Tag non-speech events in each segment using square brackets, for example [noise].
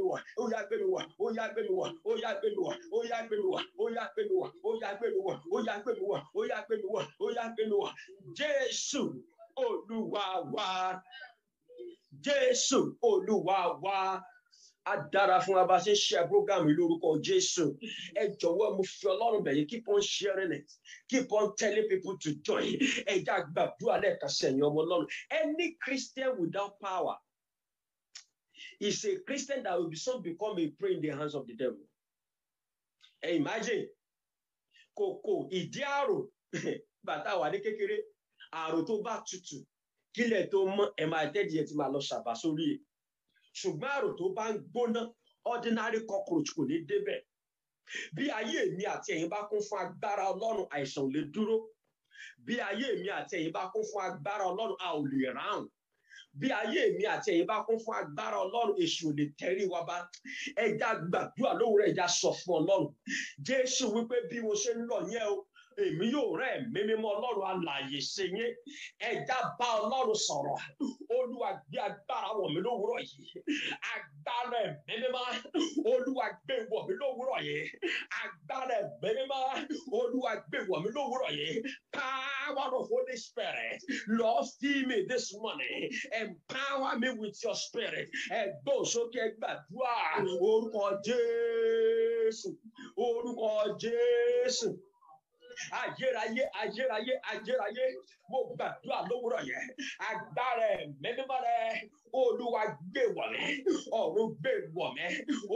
mi wọ̀ ó yá gbé mi wọ̀ ó yá gbé mi wọ̀ ó yá gbé mi wọ̀ ó yá gbé mi wọ̀ ó yá gbé mi wọ̀ ó yá gbé mi wọ̀ ó yá gbé mi wọ̀ ó yá gbé mi wọ̀ ó yá wa Jésù Olúwa wa á dára fún wa bá ṣe ṣe program yìí lórúkọ Jésù ẹ jọ̀wọ́ mo fi Ọlọ́run bẹ̀ keep on sharing it keep on telling people to join ẹ já gbàdúrà lẹ́ẹ̀kan sẹ́yìn ọmọ Ọlọ́run any Christian without power is a Christian that will soon become a prey in the hands of the devil. And imagine, kòkò ìdí àrò [laughs] bàtà wà ní kékeré àrò tó bá tutù kílẹ̀ tó mọ́ ẹ̀ máa tẹ́dí ẹ̀ ti máa lọ ṣàbà sórí ẹ̀ ṣùgbọ́n àrò tó bá ń gbóná ordinary cockroach kò ní débẹ̀ bí ayé mi àti ẹ̀yin bá kún fún agbára ọlọ́run àìsàn ò lè dúró bí ayé mi àti ẹ̀yin bá kún fún agbára ọlọ́run a ò lè ráhùn bí ayé mi àti ẹ̀yin bá kún fún agbára ọlọ́run èṣù ò lè tẹrí wa bá ẹja gbàdúrà lówùúrọ̀ ẹja sọ fún ọlọ́run jésù wípé bí mo ṣe ń lọ yẹn o èmi yóò rẹ ẹ̀mí mímọ́ ọlọ́run alààyè ṣe yín bá ọlọ́run sọ̀rọ̀ olúwa agbára wọ̀ mí lówùúrọ̀ yìí agbára ẹ̀mí mímọ́ olúwa gbé mí lówùúrọ̀ yìí agbára ẹ̀mí mímọ́ olúwa gbé mí lówùúrọ̀ yìí power of holy spirit lord fill me this morning empower me with your spirit ẹgbẹ́ òsókè gbàdúrà orúkọ jésù orúkọ jésù. ayérayé ayérayé ayérayé mo gbàdúrà lówùrọ̀ yẹn agbára mẹ́mímọ́ rẹ olúwa gbé wọ̀mí ọ̀run gbé wọ̀mí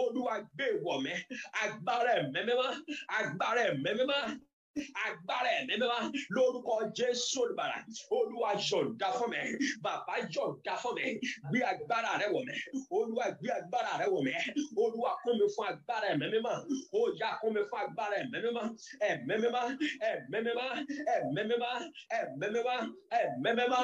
olúwa gbé wọ̀mí agbára mẹ́mímọ́ agbára mẹ́mímọ́ agbára ẹ̀mí mímá lórúkọ jésù olùbàrà olúwa yọ̀ǹda fún mi bàbá yọ̀ǹda fún mi gbé agbára rẹ wọ̀ mí olúwa gbé agbára rẹ wọ̀ mí olúwa kún mi fún agbára ẹ̀mí mímá ó yá kún mi fún agbára ẹ̀mí mímá ẹ̀mí mímá ẹ̀mí mímá ẹ̀mí mímá ẹ̀mí mímá ẹ̀mí mímá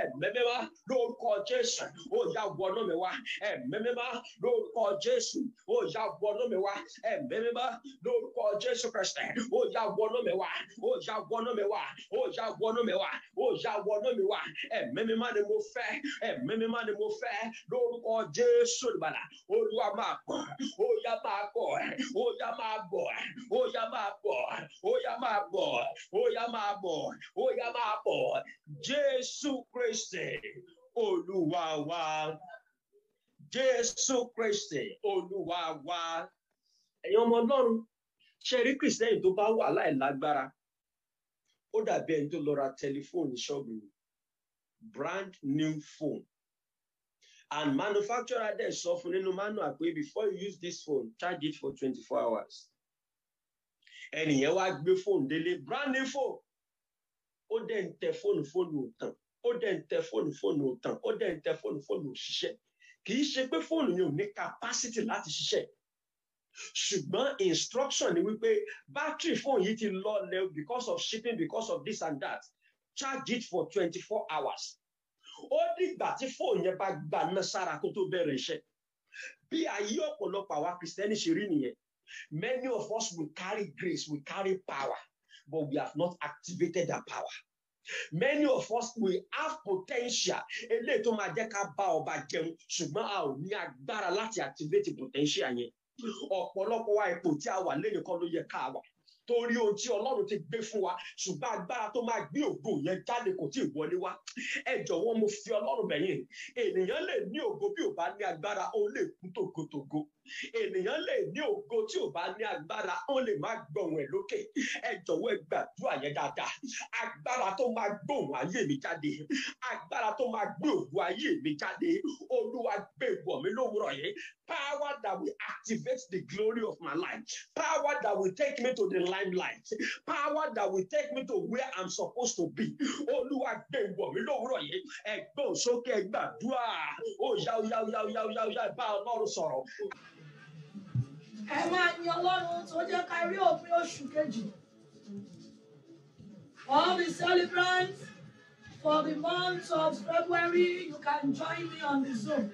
ẹ̀mí mímá lórúkọ jésù ó yá wọnú mi wá ẹ̀mí mímá lórúkọ jésù ó yá wọnú mi wá ẹ̀mí mímá lórúkọ jésù kristi ó wọnú mi mi wá ó yá wọnú mi wá ó yá wọnú mi wá ó yá wọnú mi wá ẹ̀mí mi má ni mo fẹ́ ẹ̀mí mi má ni mo fẹ́ lórúkọ Jésù ìbàlà olúwa máa bọ̀ ó yá máa bọ̀ ó yá máa bọ̀ ó yá máa bọ̀ ó yá máa bọ̀ ó yá máa bọ̀ ó yá máa bọ̀ Jésù Kristi olúwa wa Jésù Kristi olúwa wa ẹ̀yin ọmọ Ọlọ́run ṣe rí kìrìsìtẹ́nì tó bá wà láìlágbára ó dàbí ẹni tó lọ ra tẹlifóònù ṣọ́ọ̀bù brand new phone and manufacturer dẹ̀ sọ fún nínú manual pé before you use this phone charge it for twenty four hours ẹnìyẹn wá gbé fóònù délé brand new phone ó dẹ̀ ń tẹ fóònù fóònù ò tàn ó dẹ̀ ń tẹ fóònù fóònù ò tàn ó dẹ̀ ń tẹ fóònù fóònù ò kì í ṣe pé fóònù yẹn ní capacity láti ṣiṣẹ́ ṣùgbọ́n instruction ni wípé battery phone yìí ti lọlẹ̀ because of shipping because of this and that charge it for twenty four hours ó dìgbà tí phone yẹn bá gbà ná sára kó tó bẹ̀rẹ̀ iṣẹ́ bí ayé ọ̀pọ̀lọpọ̀ àwa kìrìsìtẹ́nì ṣe rí nìyẹn many of us will carry grace will carry power but we have not activated that power many of us we have potential eléyìí tó máa jẹ́ ká bá ọba jẹun ṣùgbọ́n a ò ní agbára láti activate potential yẹn ọ̀pọ̀lọpọ̀ wa ipò tí a wà lẹ́yìn kan ló yẹ ká wà torí ohun ọlọ́run ti gbé fún wa ṣùgbọ́n agbára tó máa gbé ògo yẹn jáde kò tí ì wọlé wá ẹ jọ̀wọ́ mo fi ọlọ́run bẹ̀yìn ènìyàn lè ní ògo bí ò bá ní agbára ó lè kú tògótògó ènìyàn lè ní ògo tí ò bá ní agbára wọn lè má gbọ̀hún ẹ̀ lókè ẹ jọ̀wọ́ ẹ gbàdúrà yẹn dáadáa agbára tó máa gbóhùn ayé mi jáde agbára tó máa gbé ayé mi jáde olúwa gbé ìwọ̀ mi lówùrọ̀ yẹn power that will activate the glory of my life power that will take me to the limelight power that will take me to where I'm supposed to be olúwa gbé ìwọ̀ mi lówùrọ̀ yẹn ẹ gbọ́n sókè gbàdúrà ó yá ó yá ó yá ó bá ọlọ́run sọ̀rọ̀ ẹ máa yin ọlọ́run tó jẹ́ ká rí òpin oṣù kejì. All the celebrants for the month of February, you can join me on the Zoom.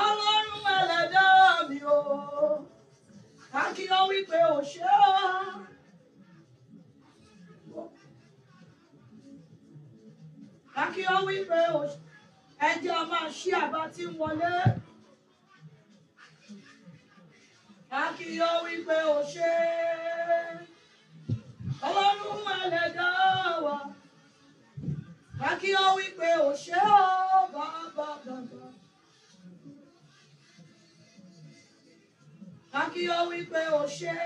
Ọlọ́run ẹlẹ́dàá mi o, ká kí ọ wípé o ṣé o. Kàkí ó wí pé ẹ jẹ́ ọ máa ṣí àbá tí ń wọlé. Kàkí ó wí pé ó ṣe Ọlọ́run ẹlẹ́dá wa. Kàkí ó wí pé ó ṣe ó bàbá bàbá. Kàkí ó wí pé ó ṣe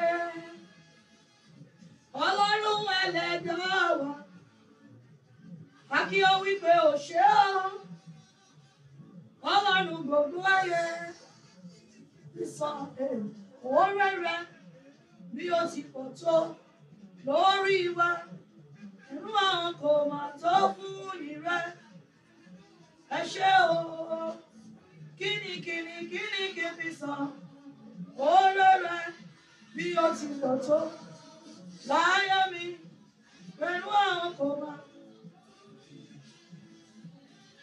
Ọlọ́run ẹlẹ́dá wa. Akí ó wí pé ò ṣe ó. Ọlọ́run gbogbo ayé. Sísọ òwò rẹ̀rẹ̀ bí ó ti pọ̀ tó lórí wa. Inú àwọn kò mà tó fún ìrẹ́. Ẹ ṣé o. Kíni kíni kíni kí fi sàn? Òwò rẹ̀rẹ̀ bí ó ti pọ̀ tó láyé mi. Pẹ̀lú àwọn kò mà tó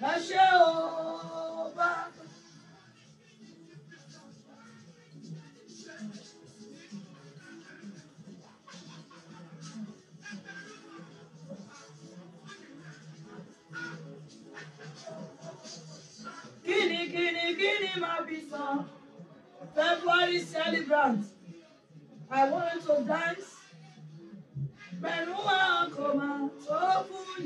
ẹ ṣé o bàbá. Gini, gini, February celebrant. I want to dance. Pẹ̀lú àwọn kò máa tó fún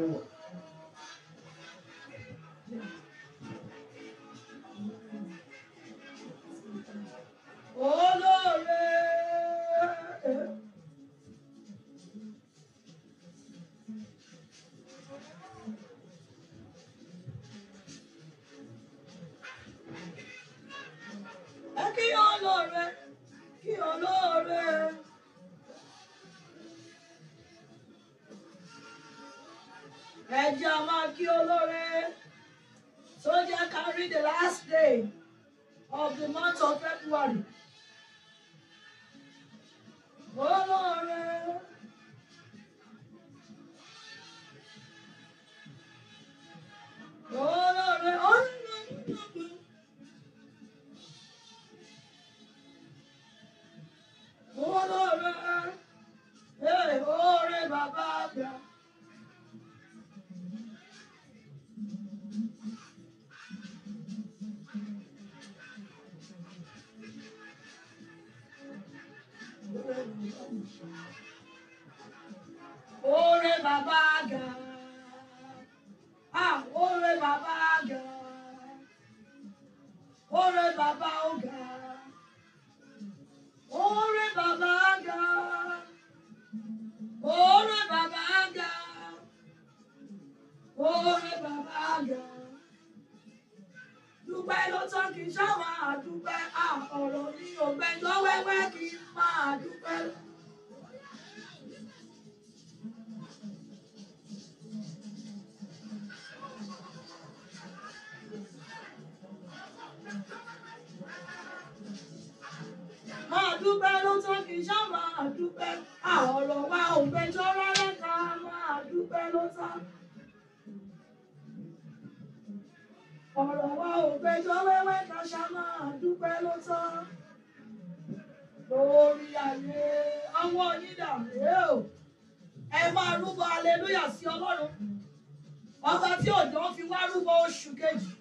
do it. la máa kí olóore soldier carry the last day of the month of February. Olóore. Olóore. Olóore. Olóore. Hey, oore bàbá àgbà. bàbá àgà ah oore bàbá àgà oore bàbá ọ̀gá oore bàbá àgà oore bàbá àgà oore bàbá àgà dúpẹ́ ló tán kí n ṣáwọn àdúpẹ́ àkọ̀rọ̀ ah, ní ògbẹ́jọ́ wẹ́wẹ́ kí n máa dúpẹ́ lọ. dúpẹ́ ló tó kì í ṣá máa dúpẹ́ àwọn ọ̀rọ̀ wa ò gbẹjọ́ rárá ká máa dúpẹ́ ló tó. ọ̀rọ̀ wa ò gbẹjọ́ wẹ́wẹ́ ká ṣá máa dúpẹ́ ló tó. lórí ayé ọwọ́ onídàáyé o ẹ máa rúbọ aleluya sí ọlọ́run ọba tí òjò fi wá rúbọ oṣù kejì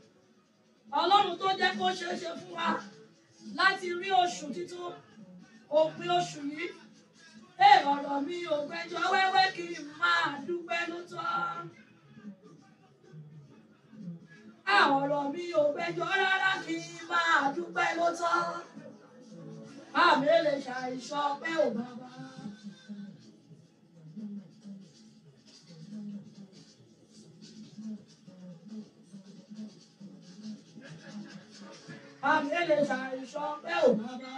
ọlọ́run tó jẹ́ kó ṣeé ṣe fún wa láti rí oṣù títún òpin oṣù yìí ẹ ọ̀rọ̀ mi ò gbẹ́jọ́ wẹ́wẹ́ kí n máa dúpẹ́ ló tọ́ ọ̀rọ̀ mi ò gbẹ́jọ́ rárá kí n máa dúpẹ́ ló àmì lè ṣàìṣọ pé ò bàbá. àmì lè ṣàìṣọ pé ò bàbá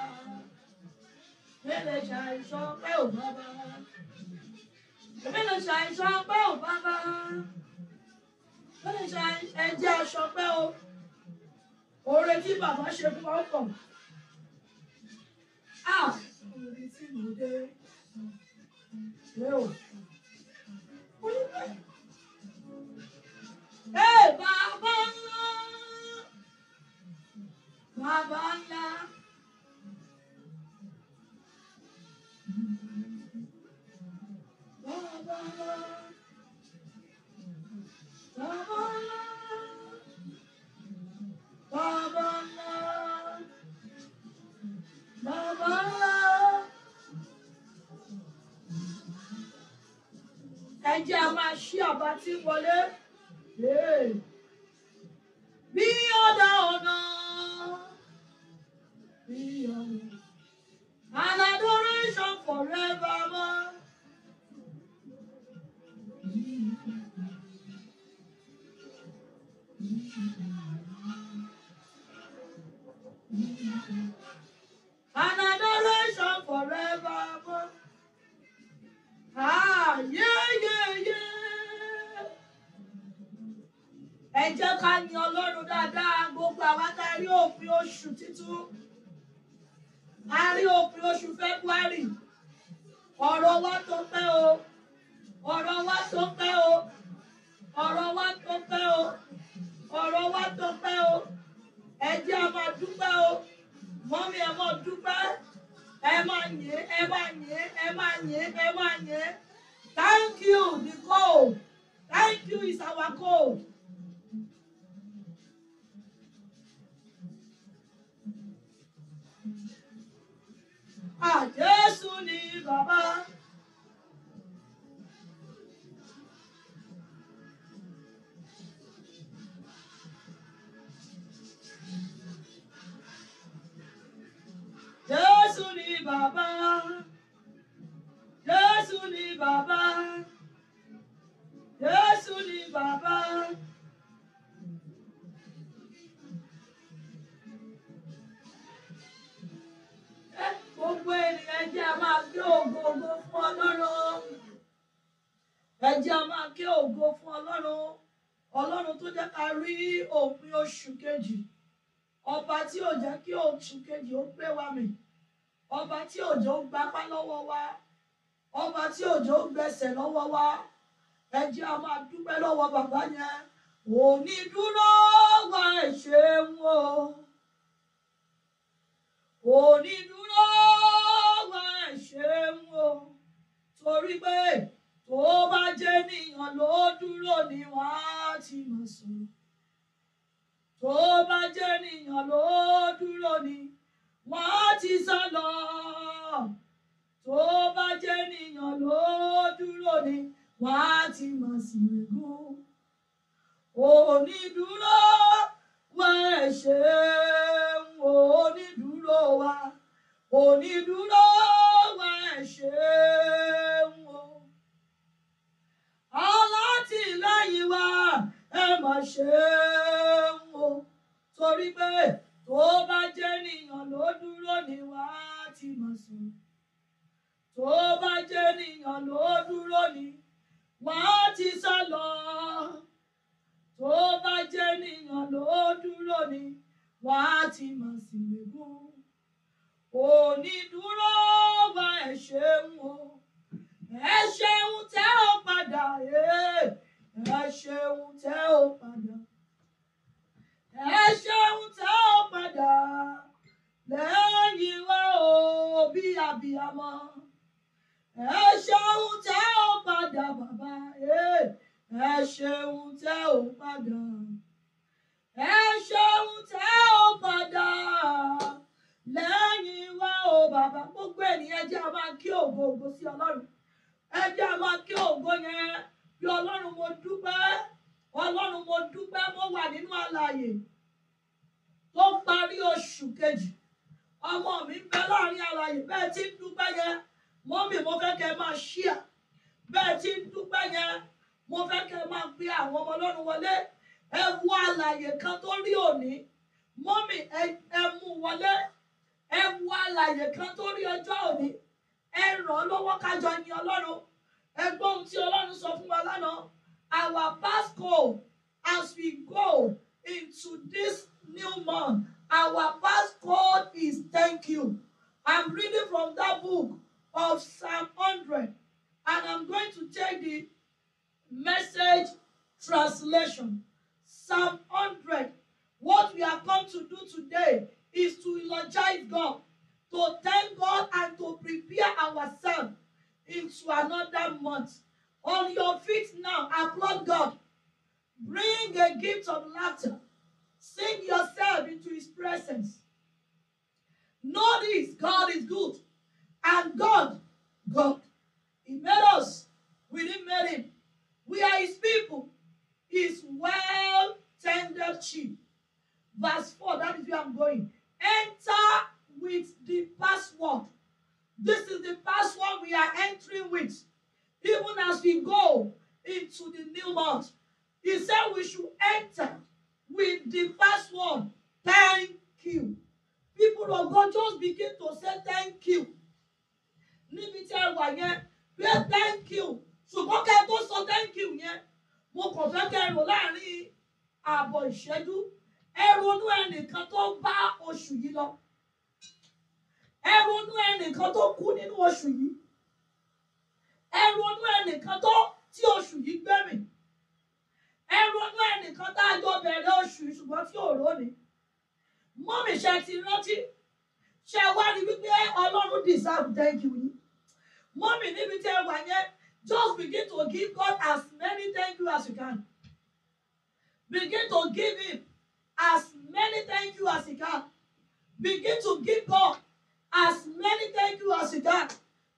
mélòó ṣàìsàn pé ò bàbá mélòó ṣàìsàn pé ò bàbá mélòó ṣàìsàn ẹjẹ́ aṣọ pé o oore tí bàbá ṣe fún ọ pọ̀ a orí tí mo dé lé o oníbẹ̀rẹ̀. Hey, Baba ńlá, Baba ńlá. ẹ jẹ́ a máa ṣí àbá tí wọlé. Bí ọ̀dà ọ̀nà. Bí ọ̀dà ọ̀nà. An adoration forevermore. An adoration forevermore. Ah, yeah, yeah, yeah. Ẹ jẹ́ ká ní Ọlọ́run dáadáa gbogbo àwátárí òfin oṣù títún february ọ̀rọ̀ wa tó pẹ́ o ọ̀rọ̀ wa tó pẹ́ o ọ̀rọ̀ wa tó pẹ́ o ọ̀rọ̀ wa tó pẹ́ o ẹ jẹ́ a o mọ́mí ẹ máa ẹ máa yé ẹ máa yé ẹ máa yé ẹ máa yé thank you the goal thank you is our goal. àjẹsù ah, ni bàbá. Jésù ni bàbá. Jésù ni bàbá. Jésù ni bàbá. gbogbo ènìyàn jẹ́ a máa ké ògo ògo fún ọlọ́run ẹ jẹ́ a máa ké ògo fún ọlọ́run ọlọ́run tó jẹ́ ká rí òpin oṣù kejì ọba tí ò jẹ́ kí oṣù kejì ó gbé wa mì ọba tí òjò ń gbapá lọ́wọ́ wa ọba tí òjò ń gbẹsẹ̀ lọ́wọ́ wa ẹ jẹ́ a máa dúpẹ́ lọ́wọ́ bàbá yẹn òní dúró wá ìṣeun o onídúró wá ṣeun o torí pé tó bá jẹ́ nìyàn ló dúró ni wọ́n á ti mọ̀ sọ tó bá jẹ́ nìyàn ló dúró ni wọ́n á ti sá lọ tó bá jẹ́ nìyàn ló dúró ni wọ́n á ti mọ̀ sí gún onídúró wá ṣeun onídúró dúró wa kò ní dúró wa ẹ ṣeun o alátìlẹ́yìn wa ẹ mà ṣeun o torí pé tó bá jẹ́ nìyàn ló dúró ni wá ti mọ̀ sùn tó bá jẹ́ nìyàn ló dúró ni wá ti sá lọ tó bá jẹ́ nìyàn ló dúró ni wá ti mọ̀ sí lẹ́gùn kò ní dúró wá ẹ ṣeun o ẹ ṣeun tẹ́ ò padà ẹ ṣeun tẹ́ ò padà ẹ ṣeun tẹ́ ò padà lẹ́yìn wá o bí abiyamọ ẹ ṣeun tẹ́ ò padà bàbá ẹ ṣeun tẹ́ ò padà ẹ ṣeun tẹ́ ò padà lẹ́yìn wá o bàbá gbogbo ènìyàn jẹ́ a máa kí ògo ògo sí ọlọ́run ẹ jẹ́ a máa kí ògo yẹn bí ọlọ́run mo dúpẹ́ ọlọ́run mo dúpẹ́ mo wà nínú àlàyé tó parí oṣù kejì ọmọ mi ń bẹ láàrin àlàyé bẹ́ẹ̀ tí ń dúpẹ́ yẹn mọ́mì mo fẹ́ kẹ́ máa ṣíà bẹ́ẹ̀ tí ń dúpẹ́ yẹn mo fẹ́ kẹ́ máa gbé àwọn ọmọ ọlọ́run wọlé ẹ wo àlàyé kan tó rí òní mọ́mì ẹ mú wọlé ẹ wo àlàyé kan tó rí ọjọ́ òní ẹ ràn án lọ́wọ́ kájọ ní ọlọ́run ẹ gbọ́ ohun tí ọlọ́run sọ fún wa lánàá our past goal as we go into this new month our past goal is thank you i'm reading from that book of psalm hundred and i'm going to take the message translation psalm hundred what we have come to do today is to elogize God, to thank God, and to prepare ourselves into another month. On your feet now, applaud God. Bring a gift of laughter. Sing yourself into his presence. Know this God is good. And God, God, He made us. We didn't make Him. We are His people. His well tender sheep. Verse 4, that is where I'm going. Enter with the password. This is the password we are entering with, even as we go into the new month. He said we should enter with the password, thank you. People of God just begin to say thank you. Níbi tí ẹ wà yẹn, pé thank you. Ṣùgbọ́n kẹ́ ẹ tó sọ thank you yẹn, mo kàn fẹ́ kẹ́ ẹ rò láàrin ààbọ̀ ìṣẹ́jú ẹ ronú ẹnìkan tó bá oṣù yìí lọ ẹ ronú ẹnìkan tó kú nínú oṣù yìí ẹ ronú ẹnìkan tó tí oṣù yìí gbẹ̀mí ẹ ronú ẹnìkan tá a jọ bẹ̀rẹ̀ oṣù yìí ṣùgbọ́n tí ò róni mọ́mì ṣe ti rántí ṣe wá ní wípé ọlọ́run deserve thank you yìí mọ́mì níbi tí ẹ wà yẹn just begin to give God as many thank you as you can begin to give him as many thank you as you can. Begin to give God as many thank you as you can.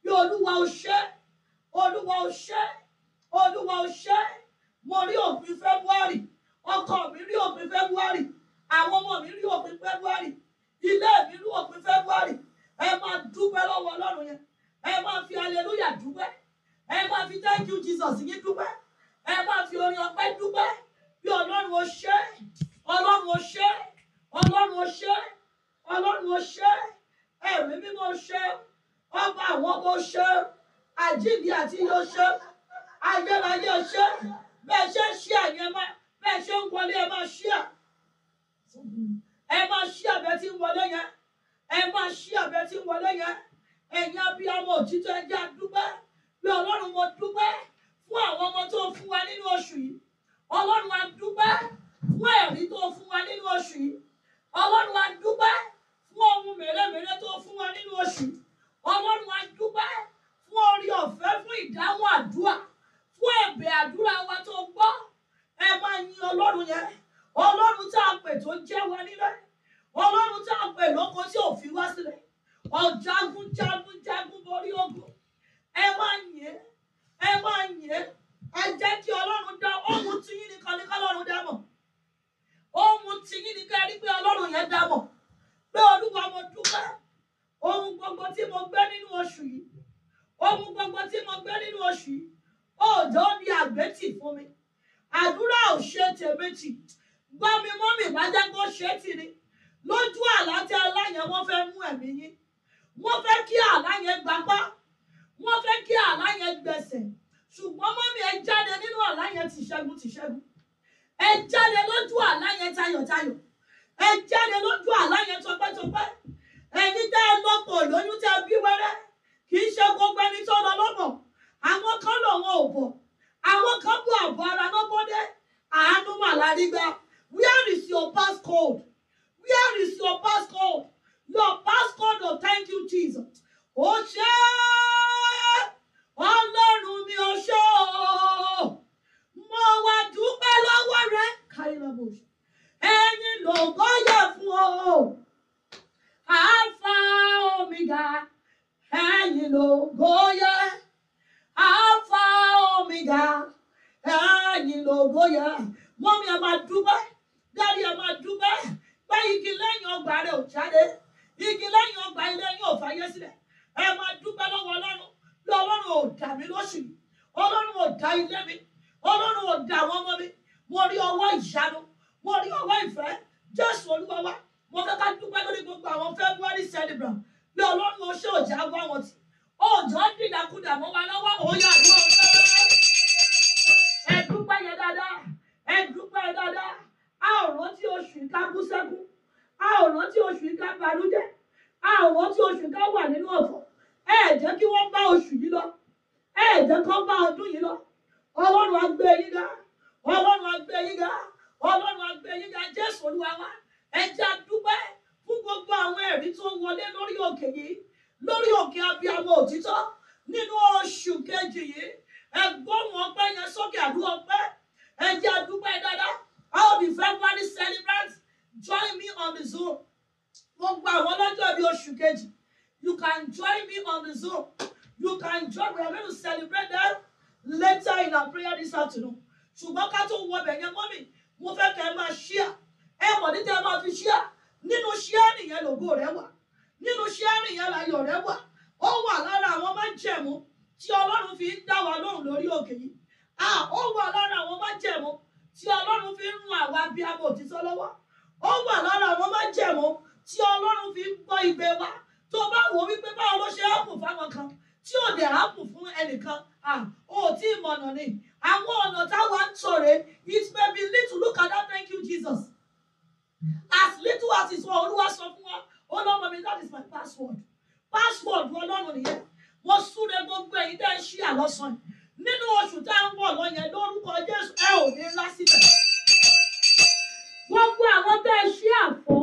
Bí Olúwa o ṣé, Olúwa o ṣé, Olúwa o ṣé, mo rí òpin February, ọkọ mi rí òpin February, àwọn ọmọ mi rí òpin February, ilé mi rí òpin February. Ẹ máa dúpẹ́ lọ́wọ́ Ọlọ́run yẹn. Ẹ máa fi hallelujah dúpẹ́. Ẹ máa fi thank you Jesus yín dúpẹ́. Ẹ máa fi orin ọpẹ́ dúpẹ́. Bí Ọlọ́run o ṣé ọlọ́run ó ṣe ọlọ́run ó ṣe ọlọ́run ó ṣe ẹ̀mí mímọ́ ṣe ọba àwọn ọmọ ṣe àjíǹde àti iye ṣe ayérayé ṣe bẹ́ẹ̀ ṣe ń ṣe àyẹ̀ máa bẹ́ẹ̀ ṣe ń wọlé ẹ máa ṣí à ẹ máa ṣí àbẹ tí ń wọlé yẹn ẹ máa ṣí àbẹ tí ń wọlé yẹn ẹ̀yin abiyamọ òtítọ́ ẹjẹ́ àdúgbẹ́ bí ọlọ́run mo dúpẹ́ fún àwọn ọmọ tó fún wa nínú oṣù yìí ọlọ́run a dúpẹ́ fún ẹ̀rí tó fún wa nínú oṣù yìí ọlọ́run a dúpẹ́ fún ohun mèremère tó fún wa nínú oṣù ọlọ́run a dúpẹ́ fún orí ọ̀fẹ́ fún ìdáhùn àdúrà fún ẹ̀bẹ̀ àdúrà wa tó gbọ́ ẹ máa yin ọlọ́run yẹn ọlọ́run tá a pè tó jẹ́ wa nílẹ̀ ọlọ́run tá a pè lóko tí ò fi wá sílẹ̀ ọ̀jagun jagun jagun borí ogun ẹ máa yìn ẹ máa yìn ẹ jẹ́ kí ọlọ́run dá ohun tí yín nìkan ní kọ́lọ́run dá mọ̀ ohun tìyín ni ká rí pé ọlọ́run yẹn dámọ̀ pé olúwa mo dúpẹ́ ohun gbogbo tí mo gbé nínú oṣù yìí ohun gbogbo tí mo gbé nínú oṣù yìí òòjọ́ ni àgbétì fún mi àdúrà ò ṣe tèmi tì gbọ́ mi mọ́ mi bá jẹ́ kó ṣe é tì ni lójú àlá tí aláyẹn wọ́n fẹ́ mú ẹ̀mí yín wọ́n fẹ́ kí aláyẹn gbapá wọ́n fẹ́ kí aláyẹn gbẹ̀sẹ̀ ṣùgbọ́n mọ́mí ẹ jáde nínú aláyẹn tìṣẹ́gun tìṣẹ́gun ẹ jáde lójú àlá yẹn tayọ̀tayọ̀ ẹ jáde lójú àlá yẹn tọpẹ́tọpẹ́ ẹni tẹ́ ẹ lọ́pọ̀ lóyún tẹ́ ẹ bí wẹ́rẹ́ kì í ṣe gbogbo ẹni tó lọ lọ́pọ̀ àwọn kan lọ́wọ́ ò bọ̀ àwọn kan bọ̀ àbọ̀ ara lọ́bọ́dé àánú mà lárí gbà where is your passcode where is your passcode your passcode oh thank you Jesus ó ṣe ọlọ́run mi ó ṣe o mo wá dúpẹ́ lọ́wọ́ rẹ ẹ̀yin lògo yẹ fún o alpha omega ẹ̀yin lògo yẹ alpha omega ẹ̀yin lògo yẹ mọ́mí ẹ̀ máa dúpẹ́ dárí ẹ̀ máa dúpẹ́ pé igi lẹ́yìn ọgbà rẹ̀ ò jáde igi lẹ́yìn ọgbà ilé yín ò fàyè sílẹ̀ ẹ máa dúpẹ́ lọ́wọ́ ọlọ́run lọ́wọ́run ò dà mí lóṣù ọlọ́run ò dà ilé mi ọlọ́run ò dà àwọn ọmọ mi mo rí ọwọ́ ìyanu mo rí ọwọ́ ìfẹ́ jésù olúwa wa mo fẹ́ ká dúpẹ́ lórí gbogbo àwọn february celebrant bí ọlọ́run ọṣẹ́ òjà wá wọn tì òjò dìdàkudà mọ́ wa lọ́wọ́ òyà àdúrà ẹ dúpẹ́ yẹn dáadáa ẹ dúpẹ́ yẹn dáadáa a ò rántí oṣù ká kú sẹ́kù a ò rántí oṣù ká balújẹ́ a ò rántí oṣù ká wà nínú ọ̀fọ̀ ẹ jẹ́ kí wọ́n bá oṣù yìí lọ ẹ jẹ́ kí wọ́n bá ọdún yìí lọ ọlọ́run á gbé yín dáa ọlọ́run àgbẹ̀ yín ga ọlọ́run àgbẹ̀ yín ga jésù olúwa wa ẹ jẹ́ a dúpẹ́ fún gbogbo àwọn ẹ̀rí tó wọlé lórí òkè yìí lórí òkè abiyamọ òtítọ́ nínú oṣù kejì yìí ẹgbọ́n ọpẹ́ yẹn sókè àdúrà ọpẹ́ ẹ jẹ́ a dúpẹ́ dáadáa I will be February celebrant join me on the Zoom gbogbo àwọn ọlọ́jọ́ bíi oṣù kejì you can join me on the Zoom you can join me we are going to celebrate them later in our prayer this afternoon ṣùgbọ́n ká tó wọ bẹ̀yẹn mọ́mì mo fẹ́ kẹ́ ẹ máa ṣíà ẹ mọ̀ ní tẹ́ ẹ máa fi ṣíà nínú ṣíà nìyẹn lògo rẹ wà nínú ṣíà nìyẹn láyọ̀ rẹ wà ó wà lára àwọn májẹ̀mú tí ọlọ́run fi ń dá wa lóhùn lórí òkè yìí ó wà lára àwọn májẹ̀mú tí ọlọ́run fi ń rún àwa bí abò òtítọ́ lọ́wọ́ ó wà lára àwọn májẹ̀mú tí ọlọ́run fi ń gbọ́ ìgbé wa tó bá wò wípé báwo ló ṣe ápù fáwọn kan tí ò dẹ̀ fún ẹnìkan ò tí ì mọ̀nà ni àwọn ọ̀nà táwa one, tọ̀rẹ́ it may be little look at that thank you Jesus as little as it was olúwa sọ fún wa ọlọ́mọ mi that is my password password ọlọ́run nìyẹn mo súre gbogbo èyí tẹ́ ń ṣí àlọ́sàn nínú oṣù tá ń wọ̀ lọ́yẹn lórúkọ Jésù ẹ ò ní ńlá síbẹ̀ gbogbo àwọn tẹ́ ẹ ṣí àfọ́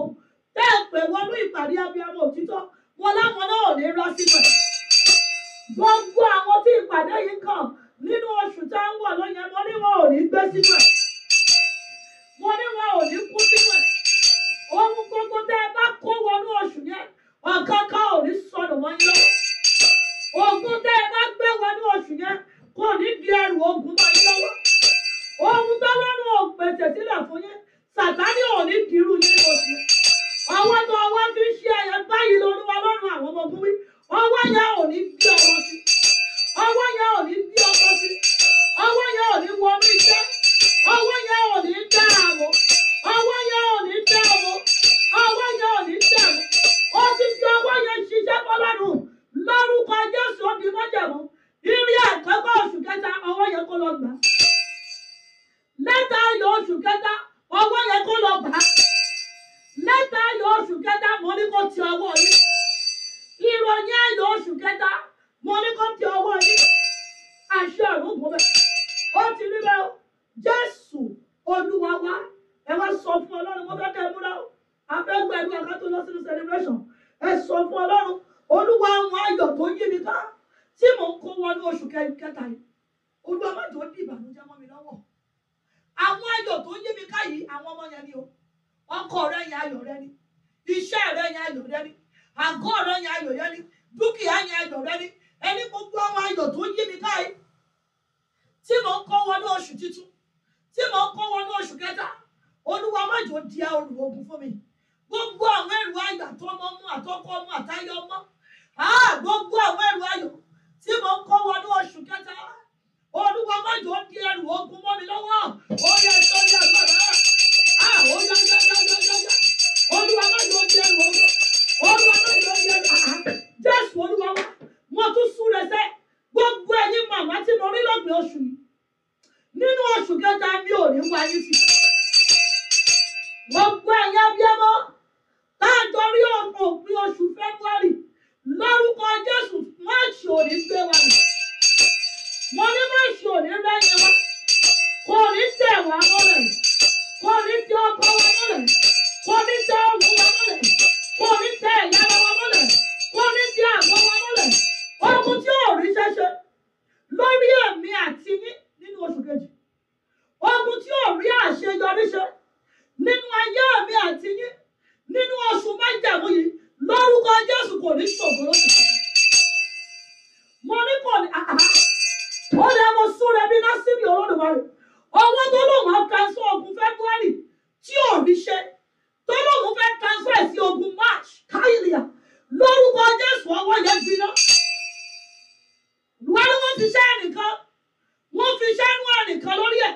tẹ́ ẹ pè wọnú ìpàdé abiyamọ òtítọ́ wọn láwọn náà ò ní ńlá síbẹ̀ gbogbo àwọn tí ìpàdé yìí kàn nínú oṣù tá ń wọ̀ lọ́yẹn mo ní wọn ò ní gbé sínú mo ní wọn ò ní kú sínú ohun gbogbo tẹ́ ẹ bá kó wọnú oṣù yẹn ọ̀kan kan ò ní sọnù wọn yín ogun tẹ́ ẹ bá gbé wọnú oṣù yẹn kò ní di ẹrù ogun wọn yín lọ́wọ́ ohun tọ́lọ́run ò pèsè sílẹ̀ fún yín sàtánì ò ní dirú yín oṣù ọwọ́ tó ọwọ́ fi ń ṣe ẹ̀yẹ báyìí lórí wọn lọ́rùn àwọn ọmọ ogun ọwọ́ yẹn ò ní bí ọwọ́ sí i ọwọ́ yẹn ò ní bí ọkọ sí ọwọ́ yẹn ò ní wọnú iṣẹ́ ọwọ́ yẹn ò ní dára mọ́. yọrí ṣe nínú ayé mi àti yín nínú oṣù májàmú yìí lórúkọ Jésù kò ní ṣògo lóṣù kan mo ní kò ní ó lè mo súnra bí násìrì olódùmarè owó tó lòun á transfer ogun February tí ò rí ṣe tó lòun fẹ́ transfer sí ogun March káyìlìyà lórúkọ Jésù ọwọ́ yẹn gbiná wọ́n ní wọ́n fi ṣẹ́ ẹnìkan wọ́n fi ṣẹ́ ẹnu ẹnìkan lórí ẹ̀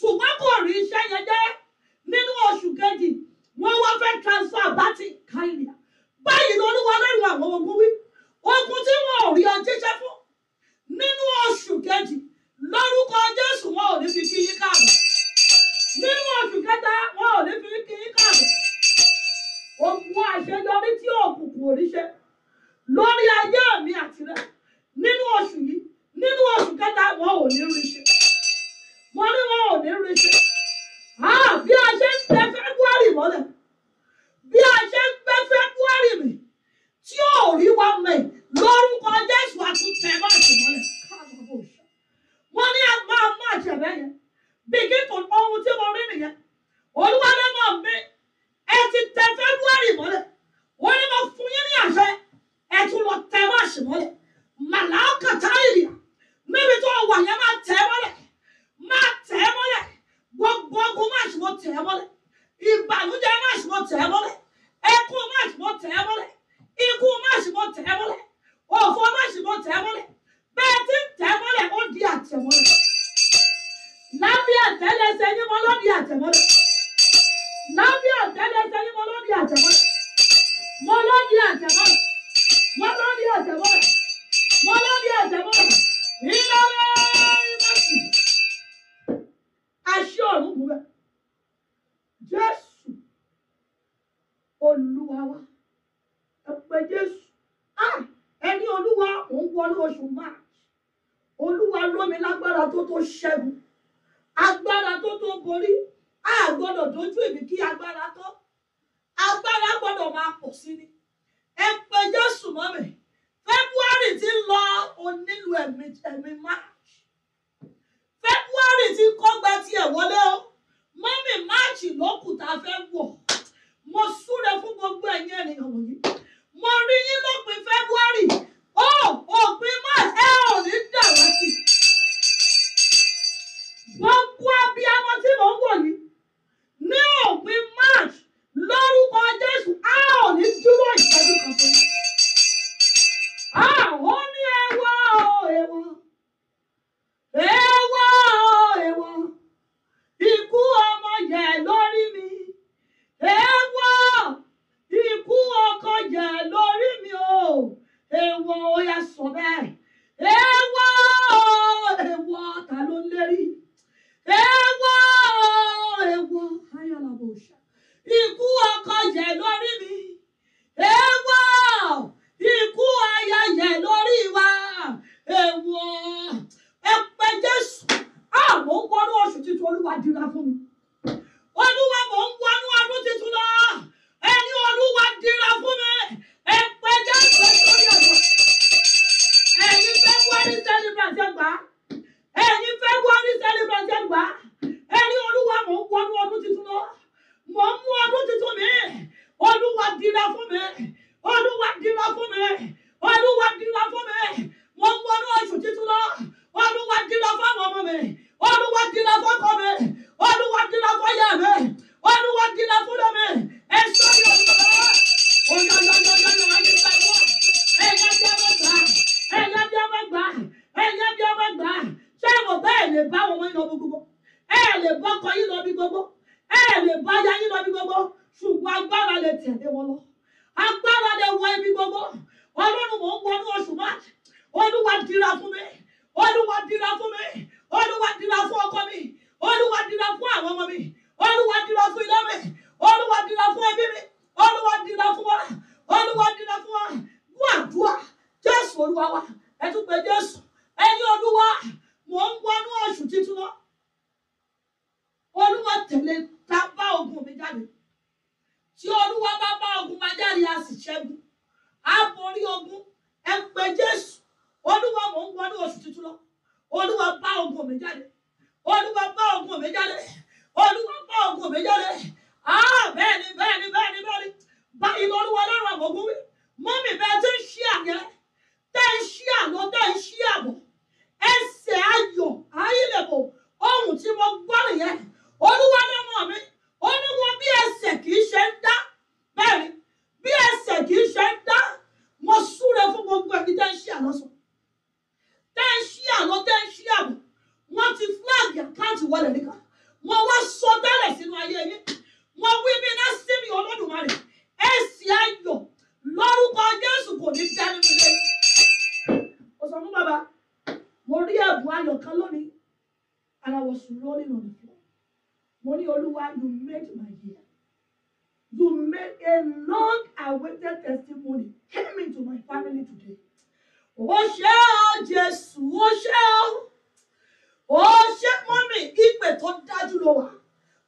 ṣùgbọ́n kò rí iṣẹ́ yẹn dé nínú oṣù kejì wọ́n wá fẹ́ transfer bátì káìlìà báyìí lolúwa lórí àwọn ogun wí ogun tí wọn ò rí ọjọ́ iṣẹ́ fún nínú oṣù kejì lórúkọ Jésù wọn ò ní fi kí yín káàbọ̀ nínú oṣù kẹta wọn ò ní fi kí yín káàbọ̀ ogun àṣeyọrí tí òkùnkùn ò ríṣẹ́ lórí ayé mi àtìrẹ nínú oṣù yìí nínú oṣù kẹta wọn ò ní ríṣẹ́ wọ́n ní wọn ò ní rí ṣe bí a ṣe ń tẹ fẹ́búárì mọ́lẹ̀ bí a ṣe ń gbé fẹ́búárì mi tí ò rí wa mẹ́ lórúkọ Jésù àtúntẹ máàṣì mọ́lẹ̀ wọ́n ní agbá máàṣì ẹ̀rẹ́ yẹn bí kíkùn ohun tí mo rí nìyẹn olúwalẹ́mọ̀ mi ẹ ti tẹ fẹ́búárì mọ́lẹ̀ wọ́n ní mo fún yín ní àṣẹ ẹ tún lọ tẹ máàṣì mọ́lẹ̀ màláàkà táyìlì níbi tó wà yẹn máa tẹ mọ́lẹ̀ máa tẹ̀ ẹ́ mọ́lẹ̀ gbogbo ogun máa ṣùgbọ́n tẹ̀ ẹ́ mọ́lẹ̀ ìbànújẹ́ máa ṣùgbọ́n tẹ̀ ẹ́ mọ́lẹ̀ ẹkún máa ṣùgbọ́n tẹ̀ ẹ́ mọ́lẹ̀ ikú máa ṣùgbọ́n tẹ̀ ẹ́ mọ́lẹ̀ òfò máa ṣùgbọ́n tẹ̀ ẹ́ mọ́lẹ̀ bẹ́ẹ̀ tí ń tẹ̀ ẹ́ mọ́lẹ̀ ó di àtẹ̀mọ́lẹ̀ lábẹ́ àtẹ́lẹsẹ̀ yín mọ́ ló di àtẹ̀mọ́lẹ̀ lábẹ́ àtẹ́lẹsẹ̀ yín mọ́ ló di àtẹ̀mọ́lẹ̀. Yorùbá ẹni olúwa mò ń wọnú ọdún tuntun lọ mò ń mú ọdún tuntun mi olúwa dira fún mi olúwa dira fún mi olúwa dira fún mi mò ń wọnú oṣù tuntun lọ olúwa dira fún àwọn ọmọ mi olúwa dira fún ọkọ mi olúwa dira fún ọyà mi olúwa dira fún ọmọ mi ẹ sọ yóò lọ. lè bọ́kọ yín lọ bí gbogbo ẹ lè bọ́jà yín lọ bí gbogbo ṣùgbọ́n agbára lè tẹ̀lé wọn lọ agbára lè wọ ibi gbogbo ọlọ́run mò ń wọnú oṣù march olúwa dira fún mi olúwa dira fún mi olúwa dira fún ọkọ mi olúwa dira fún àwọn ọmọ mi olúwa dira fún ilé mi olúwa dira fún ẹbí mi olúwa dira fún wa olúwa dira fún wa fún àdúrà jésù olúwa wa ẹ jésù ẹ̀yin olúwa mò ń wọnú oṣù titun náà olúwa tẹ̀lé ta bá ogun mi jáde tí olúwa bá bá ogun máa jáde a sì ṣẹ́gun a borí ogun ẹ pé jésù olúwa mò ń wọnú oṣù tuntun lọ olúwa bá ogun mi jáde olúwa bá ogun mi jáde olúwa bá ogun mi jáde ah bẹ́ẹ̀ ni bẹ́ẹ̀ ni bẹ́ẹ̀ ni bẹ́ẹ̀ ni báyìí lọ́lúwa lọ́rùn àwọn ogun wí mọ́mì bẹ́ẹ̀ tó ń ṣí àyẹ́ tẹ́ ń ṣí àlọ́ tẹ́ ń ṣí àbọ̀ ẹsẹ̀ ayọ̀ ayílẹ̀bọ̀ ohun tí mo gbọ́ nìyẹn olúwa lọ́mọ mi ó ní wọn bí ẹsẹ̀ kì í ṣe ń dá bẹ́ẹ̀ ni bí ẹsẹ̀ kì í ṣe ń dá mo súre fún gbogbo ẹni tẹ́ ń ṣí àná sọ tẹ́ ń ṣí àná tẹ́ ń ṣí àbò wọ́n ti fúláàgì àkáǹtì wọlé nìkan mo wá sọ dálẹ̀ sínú ayé yín mo wí mi náà sí mi. ní olúwa you made my year you made a long awaited testimony came into my family today. ó ṣé o jésù ó ṣé to ó ṣé wa. ìpè tó dájú ló wà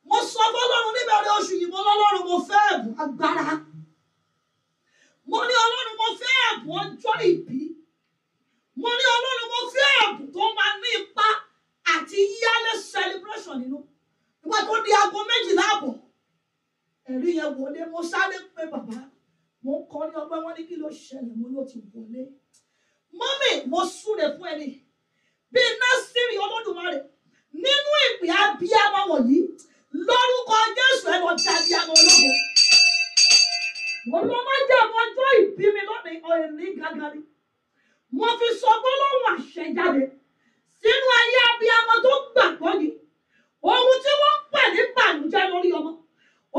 mo sọ fọlọ́run níbẹ̀rẹ̀ mo lọ́lọ́run mo fẹ́ ẹ̀bùn agbára mo ní ọlọ́run mo fẹ́ ẹ̀bùn ọjọ́ ìbí mo ní ọlọ́run mo fẹ́ ẹ̀bùn tó máa ní ipa àti yálé celebration you know wọ́n tó di aago méjìlá àbọ̀ ẹ̀rí yẹn wọlé mo sáré pé bàbá mo ń kọ́ ní ọgbẹ́ wọn ní kí ló ṣẹlẹ̀ mo ló ti wọlé mọ́mì mo súre fún ẹni bíi násìrì olódùmarè nínú ìpè abiyamọ wọ̀nyí lórúkọ jésù ẹ lọ di abiyamọ ológo olùmọ̀jẹ̀ ọjọ́ ìbí lónìí ọ̀ẹ́nì gàgàrí mo fi sọ gbólóhùn àṣẹ jáde sínú ayé abiyamọ tó gbàgbọ́ yìí ohun tí wọ́n pè ní bànújẹ́ lórí ọmọ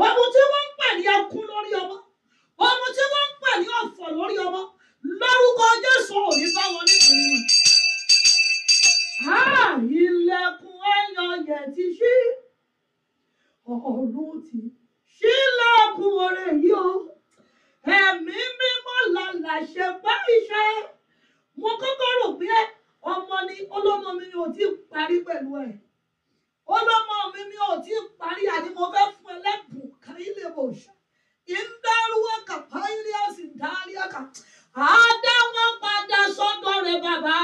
ohun tí wọ́n ń pè ní ẹkún lórí ọmọ ohun tí wọ́n ń pè ní ọ̀fọ̀ lórí ọmọ lórúkọ Jésù òní bá wọn nítorí wọn. Ah, ilẹ̀kùn ẹyọ yẹn ti ṣí ọ̀run ti ṣílẹ̀kùn ọ̀rẹ́ yìí o ẹ̀mí mímọ́ lọ́la ṣe bá iṣẹ́ mo kọ́kọ́ rò pé ọmọ ni ọlọ́mọ mi ò ti parí pẹ̀lú ẹ̀ ó lọ́mọ mi mi ò tí ì parí àti mo fẹ́ fún ẹ lẹ́bùn kárí lè bò ṣá ìdárúwọ́ kàpá ilé ọ̀sìn dáríà kà á padà sọ́dọ̀ rẹ̀ bàbá.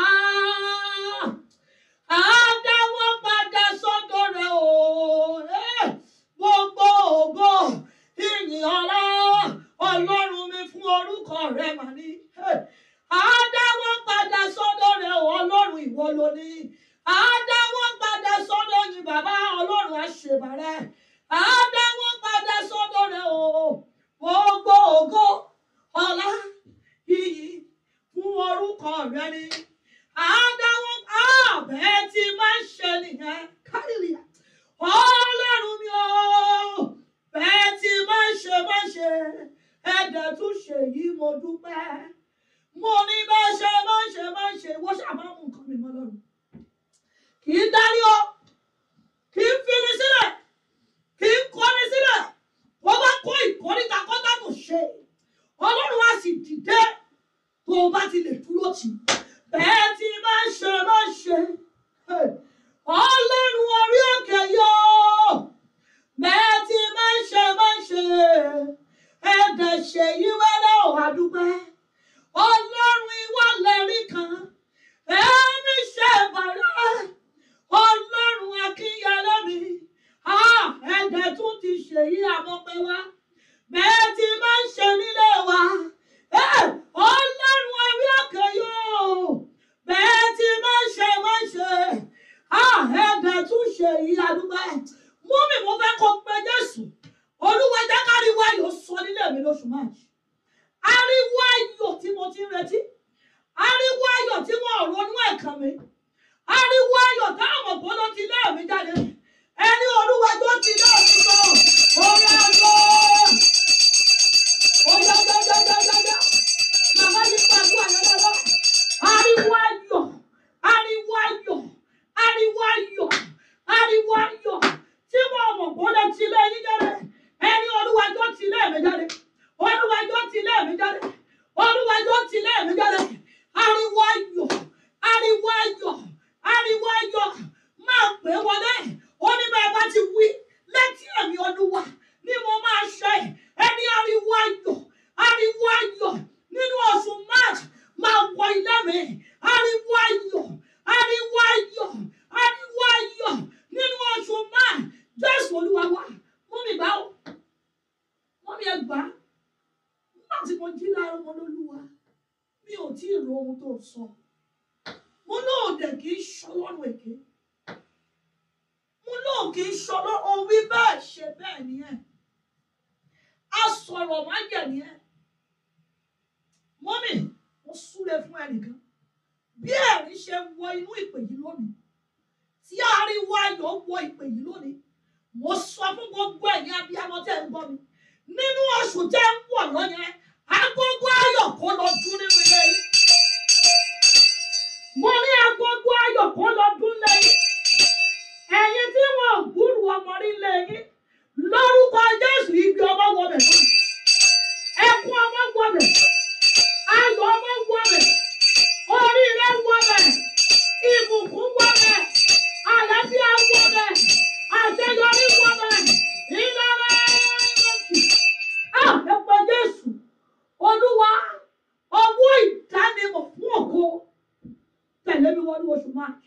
oṣù march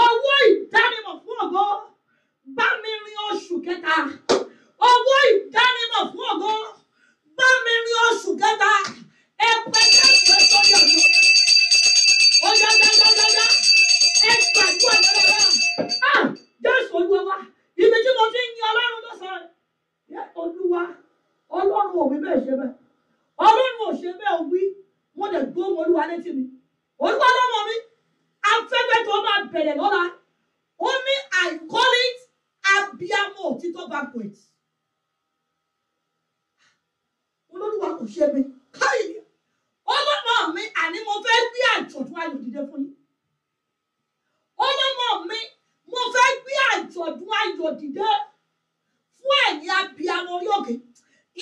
owó ìdánimọ̀ fún ògo bá mi rin oṣù kẹta owó ìdánimọ̀ fún ògo bá mi rin oṣù kẹta ẹgbẹ́ kẹ́kẹ́ sórí ọ̀dọ́ ó yá yá yá yá yá ẹ gbàgbọ́ ah jésù olúwa wa ibi tí mo ti ń yin ọlọ́run lọ́sàn-án olúwa ọlọ́run òwe bẹ́ẹ̀ ṣe bẹ́ẹ̀ ọlọ́run ò ṣe bẹ́ẹ̀ wí wọ́n dẹ̀ gbóhùn olúwa létí mi olúwa lọ́mọ mi afẹ́fẹ́ tó máa bẹ̀rẹ̀ lọ́la ó ní I call it abiamọ òtítọ́ banquet olódùwà kò ṣe mi káyì ọlọ́mọ mi àní mo fẹ́ gbé àjọ̀dún ayọ̀ dìde fún yín ọlọ́mọ mi mo fẹ́ gbé àjọ̀dún ayọ̀ dìde fún ẹ̀yin abiamọ orí òkè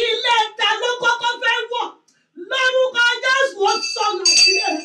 ilé ẹja ló kọ́kọ́ fẹ́ wọ̀ lórúkọ Jésù ó sọ̀rọ̀ sílẹ̀ rẹ̀.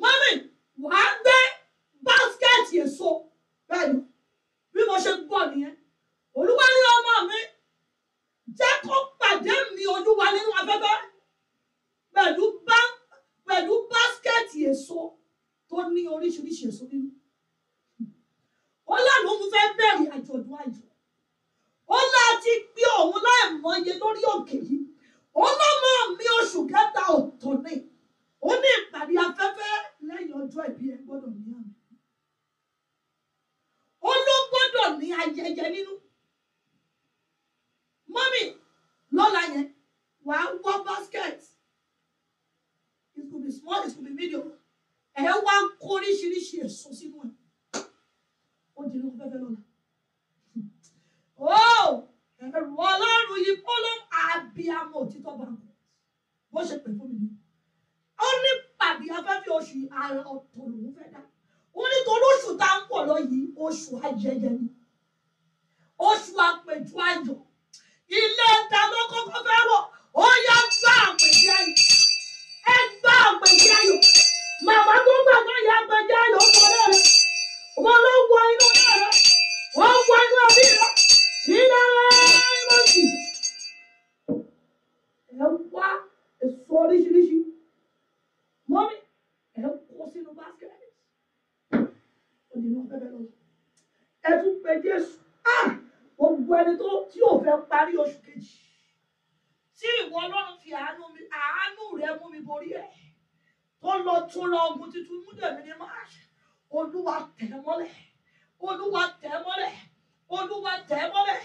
mọ́mì wà á gbé báskẹ́ẹ̀tì èso bẹ́ẹ̀ ni bí mo ṣe ń bọ̀ nìyẹn olúwa ní ọmọ mi jẹ́ kó pàdé mi olúwa nínú afẹ́fẹ́ pẹ̀lú bá pẹ̀lú báskẹ́ẹ̀tì èso tó ní oríṣiríṣi èso nínú ó lànà òun fẹ́ bẹ̀rẹ̀ àjọ̀dún ayọ̀ ó láti gbé òun láì mọye lórí òkè yìí ó lọ́mọ mi oṣù kẹta ọ̀tọ̀ ni ọjọ́ ìbí ẹ gbọ́dọ̀ ní àmì ó ló gbọ́dọ̀ ní ayẹyẹ nínú mọ́mì lọ́la yẹn wà á wọ́ basket it could be small it could be medium ẹ̀ wá kó oríṣiríṣi èso sínú ẹ̀ ó di inú fẹ́fẹ́ lọ́la ó [laughs] oh, ẹ̀rù ọlọ́run yìí kó ló ń àbí amọ̀ òtítọ́ bá wọn bó ṣe pè fún mi ni ó ní àbí afẹ́fẹ́ oṣù ara ọ̀tọ̀ lòún fẹ́ dá wọn nítorí oṣù tá ń pọ̀ lọ yìí oṣù ayẹyẹ ni oṣù àpèjú ayọ̀ ilé ẹ̀ta ló kọ́kọ́ fẹ́ wọ̀ ó yá gbá àpèjẹ ayọ̀ ẹ gbá àpèjẹ ayọ̀ màmá tó gbà tó yá àpèjẹ ayọ̀ ó kọ́ lẹ́rẹ̀ wọn ló wọ inú lẹ́rẹ̀ wọ́n wọ inú ọbí rẹ̀ nílẹ̀ ẹ̀rọ sì ẹ wá èso oríṣiríṣi ẹ ń kó sínú báskẹ́tì ó di inú afẹ́fẹ́ lọ ẹ tún pe Jésù ah! gbogbo ẹni tó tí ò fẹ́ parí oṣù kejì tí ìwọ Ọlọ́run fi àánú rẹ mú mi borí ẹ̀ tó lọ tún lọ ogun tuntun mú dèmi ní máàṣì olúwa tẹ̀ mọ́lẹ̀ olúwa tẹ̀ mọ́lẹ̀ olúwa tẹ̀ mọ́lẹ̀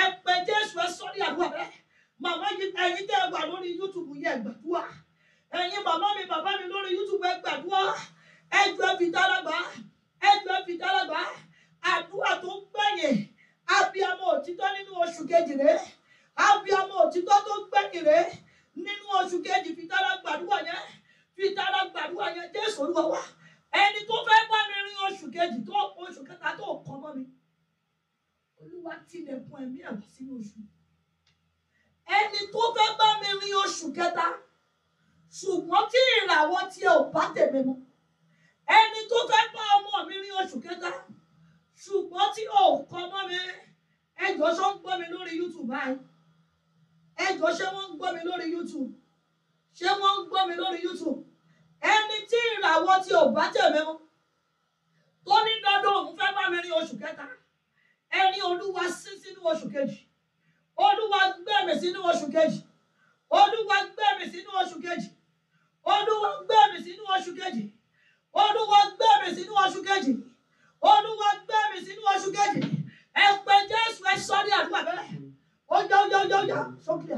ẹ pe Jésù ẹ sọ ní àdúrà rẹ màmá yìí ẹ̀yin tẹ́ wà lórí YouTube yẹ gbàdúrà ẹ̀yin bàbá mi bàbá mi lórí YouTube ẹ gbàdúrà ẹ jọ fi dálàgbà ẹ jọ fi dálàgbà àdúrà tó gbẹ̀yìn abiyamọ òtítọ́ nínú oṣù kejì rẹ abiyamọ òtítọ́ tó gbẹ̀yìn rẹ nínú oṣù kejì fi dára gbàdúrà yẹn fi dára gbàdúrà yẹn Jésù Olúwa wá ẹni tó fẹ́ bá mi rin oṣù kejì tó oṣù kẹta tó kọ́ mọ́ mi Olúwa tilẹ̀kùn ẹ̀mí ẹ̀ wá sínú oṣù ẹni tó fẹ́ bá mi rin oṣù kẹta ṣùgbọ́n tí ìràwọ̀ tí ẹ ò bá tèmi mu ẹni tó fẹ́ bá ọmọ mi ní oṣù kẹta ṣùgbọ́n tí ò kọ́ mọ́ mi ẹjọ́ ṣọ́ ń gbọ́ mi lórí YouTube báyìí ẹjọ́ ṣé wọ́n ń gbọ́ mi lórí YouTube ṣé wọ́n ń gbọ́ mi lórí YouTube ẹni tí ìràwọ̀ tí ò bá tèmi mu tó ní dandan òun fẹ́ bá mi ní oṣù kẹta ẹni olúwa sí sínú oṣù kejì olúwa gbẹ̀mí sínú oṣù kejì olúwa gbẹ̀mí sínú oṣù kejì olúwa gbé mi sínú oṣù kejì olúwa gbé mi sínú oṣù kejì olúwa gbé mi sínú oṣù kejì ẹ pé jésù ẹ sọ ní àdúrà bẹ́ẹ̀ ó jẹ́ ó jẹ́ ó jẹ́ ó jẹ́ sókè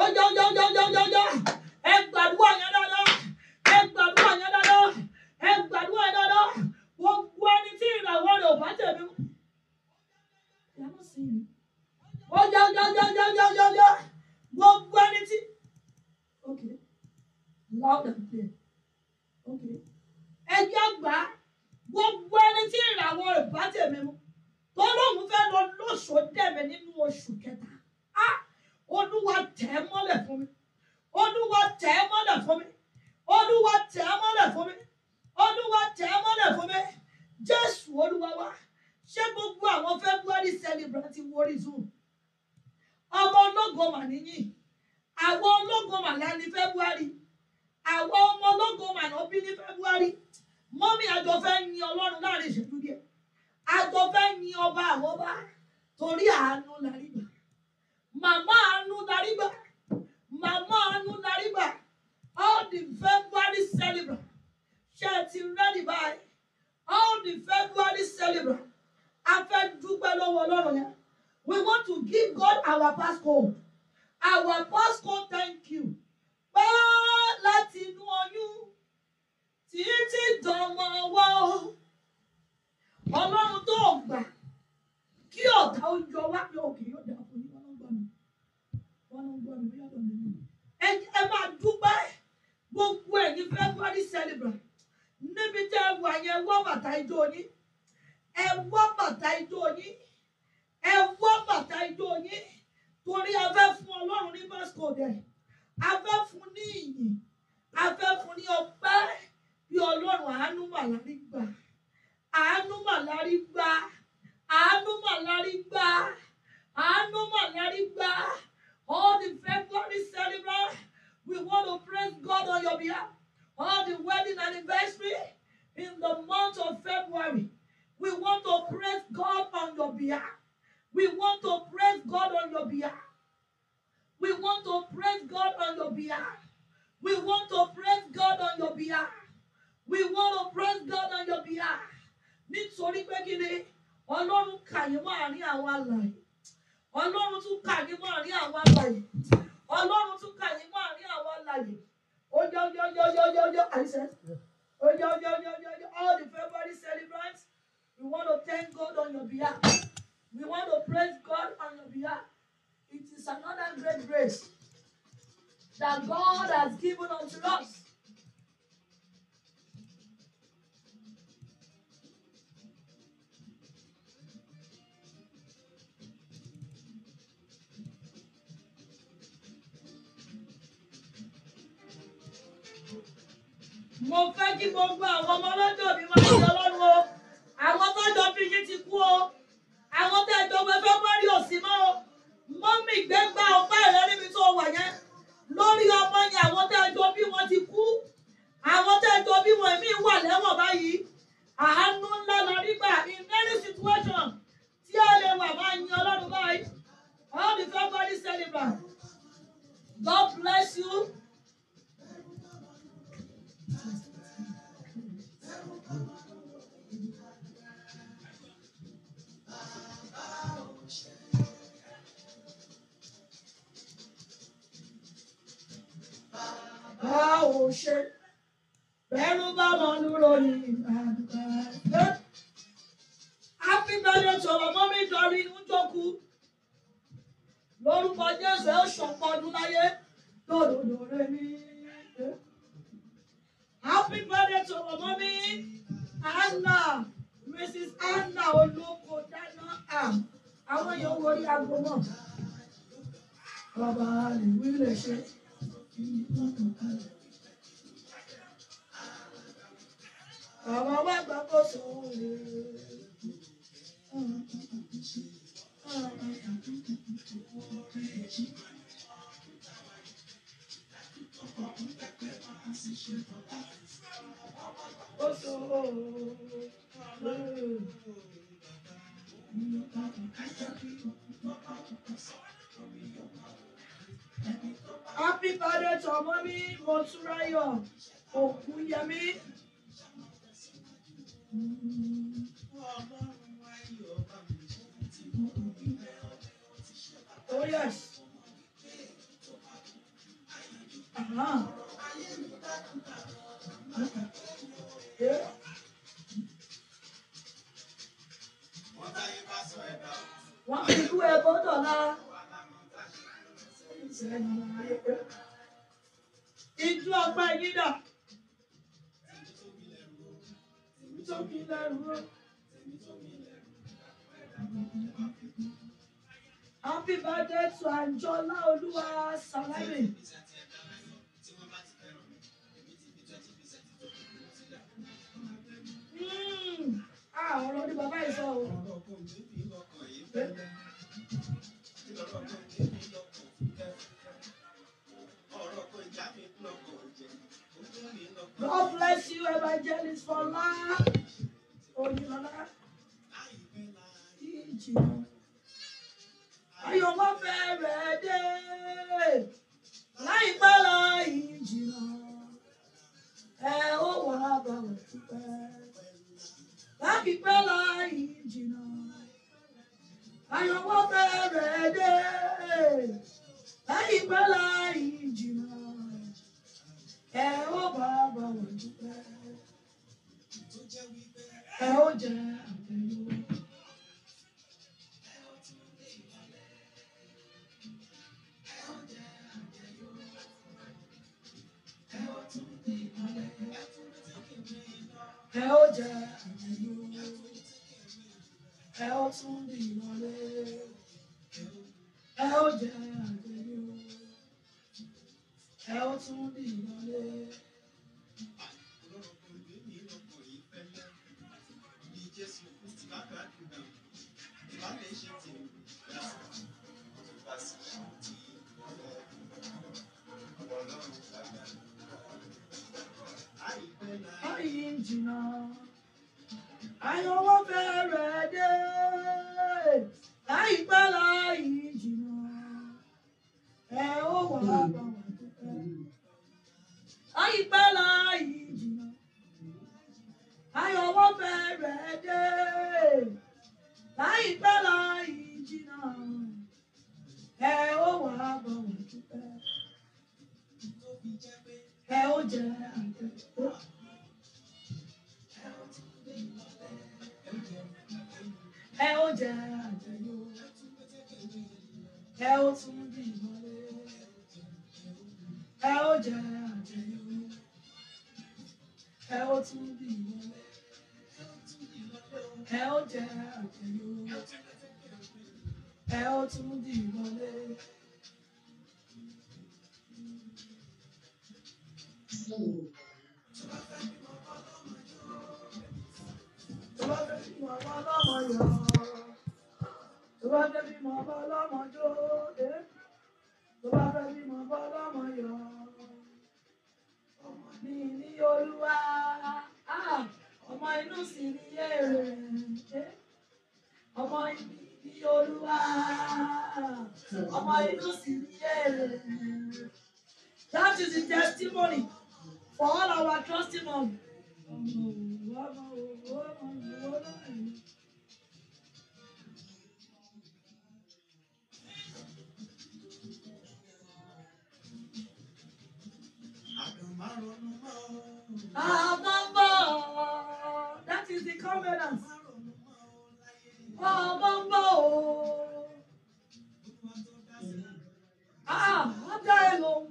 ó jẹ́ ó jẹ́ ó jẹ́ ó jẹ́ ó jẹ́ ẹ gbàdúrà yẹn dáadáa ẹ gbàdúrà yẹn dáadáa ẹ gbàdúrà yẹn dáadáa gbogbo ẹni tí ìràwọ̀ rẹ̀ ò bá tẹ̀mí mú. ó jẹ́ ó jẹ́ gbogbo ẹni tí louder again. Okay. Ẹjẹ́ àgbà gbogbo ẹni tí ìràwọ̀ rẹ̀ bá tèmi mu tó lóun fẹ́ lọ lóṣù dẹ̀mẹ̀ nínú oṣù kẹta. Á Olúwa tẹ̀ ẹ́ mọ́lẹ̀ fún mi. Olúwa tẹ̀ ẹ́ mọ́lẹ̀ fún mi. Olúwa tẹ̀ ẹ́ mọ́lẹ̀ fún mi. Olúwa tẹ̀ ẹ́ mọ́lẹ̀ fún mi. Jésù Olúwa wá. Ṣé gbogbo àwọn February celebrant wọrí Zoom? Ọmọ ológo mà níyìn. Àwọn ológo mà lẹ́ni February àwọn ọmọ ológo màná bí ní february mọ́mí àjọ fẹ́ yin ọlọ́run láàrin ìṣẹ́jú díẹ̀ àjọ fẹ́ yin ọba àwọn ọba torí àánú làrígbà màmá mo fẹ́ kí gbogbo àwọn ọmọ ọlọ́jọ́ mi máa ń yọ lọ́nu o àwọn tó jọ bí ti kú o. happy to ọmọ mi Motúnráyọ̀ Oh yes. huh Yeah. wọ́n fi kú ẹbọ dọ̀la tú ọgbọ́n yín dà. Happy birthday to Anjola Olúwa Salami. ọ̀rọ̀ ní bàbá yìí sọ o. God bless you, Evangelist Fola. Oyinlola. Ìjìnà. Ayọ̀ wọ́n fẹ́rẹ̀ dé. Láìpẹ́ láì jìnà. Ẹ ó wà bá wọ̀ pípẹ́. Láìpẹ́ láì jìnà. Ayọ̀ wọ́n fẹ́rẹ̀ dé. Láìpẹ́ láì jìnà ẹ ó bá bọ̀wọ̀ dúpẹ́ ẹ ó jẹ àtẹ̀yọ́. ẹ ó jẹ àjẹyó ẹ ó tún bí ìrọ̀lẹ́ ẹ ó jẹ àjẹyó ẹ ó tún dìgbọ́lé. Ayé ń jìnnà, ayọ̀wọ́ fẹ́rẹ̀ dé, láìpẹ́ láì jìnnà, ẹ ó wà bọ̀ àyípẹ́ láàyè jìnnà ayọ̀ wọ́n bẹ̀rẹ̀ dé láyìípẹ́ láyìí jìnnà ẹ ó wà á bọ̀ wọ́n dúpẹ́ ẹ ó jẹ àgbẹ̀. Ẹ ó jẹ àjẹyó, ẹ ó tún bí ìmọ̀lẹ́, ẹ ó jẹ àjẹyó ẹ ó tún bì í lọ́lẹ́ ẹ ó jẹ àjẹyó ẹ ó tún bì í lọ́lẹ́. Tó bá fẹ́ bí mo bá lọ́mọ yọ, eh? tó bá fẹ́ bí mo bá lọ́mọ jó, tó yọ mi ní ah, olúwa ọmọ inú sì ní èrè ọmọ ibi ní olúwa ọmọ inú sì ní èrè. That is the testimony for all our trusting of. Abamba. That is the covenant. Abamba. Ah, what the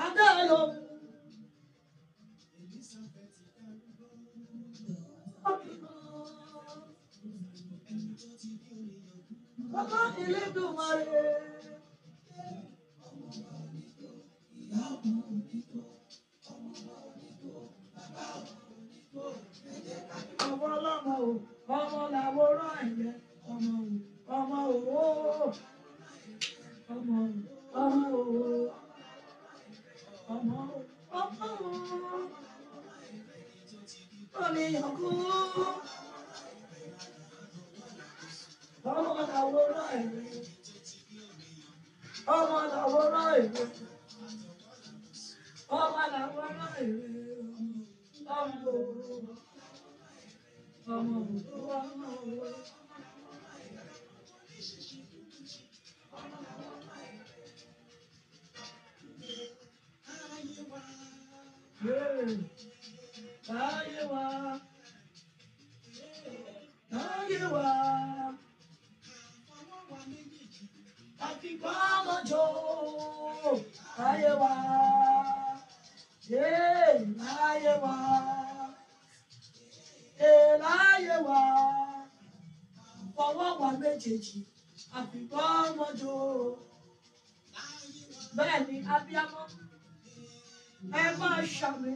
adáyọ. Bàbá Elédùmarè. bàbá òun ò ní tó ọmọ wa ò ní tó bàbá òun ò ní tó ẹ jẹ́ ká ní. ọmọ ọlọ́mọ o ọmọ làwòrán ẹ̀yẹ ọmọ o ọmọ o ọmọ o ọmọ o ọmọ o ọmọ o omi yọkú ọmọ làwòrán ẹ̀yẹ ọmọ làwòrán ẹ̀yẹ ọmọ làwọn náà rèé ọmọ òru ọmọ òru ọmọ láyé wa láyé wa fọwọ́ wa méjèèjì àfìgbọ́ ọmọdé bẹ́ẹ̀ ni abiyamọ ẹ máa ṣàmì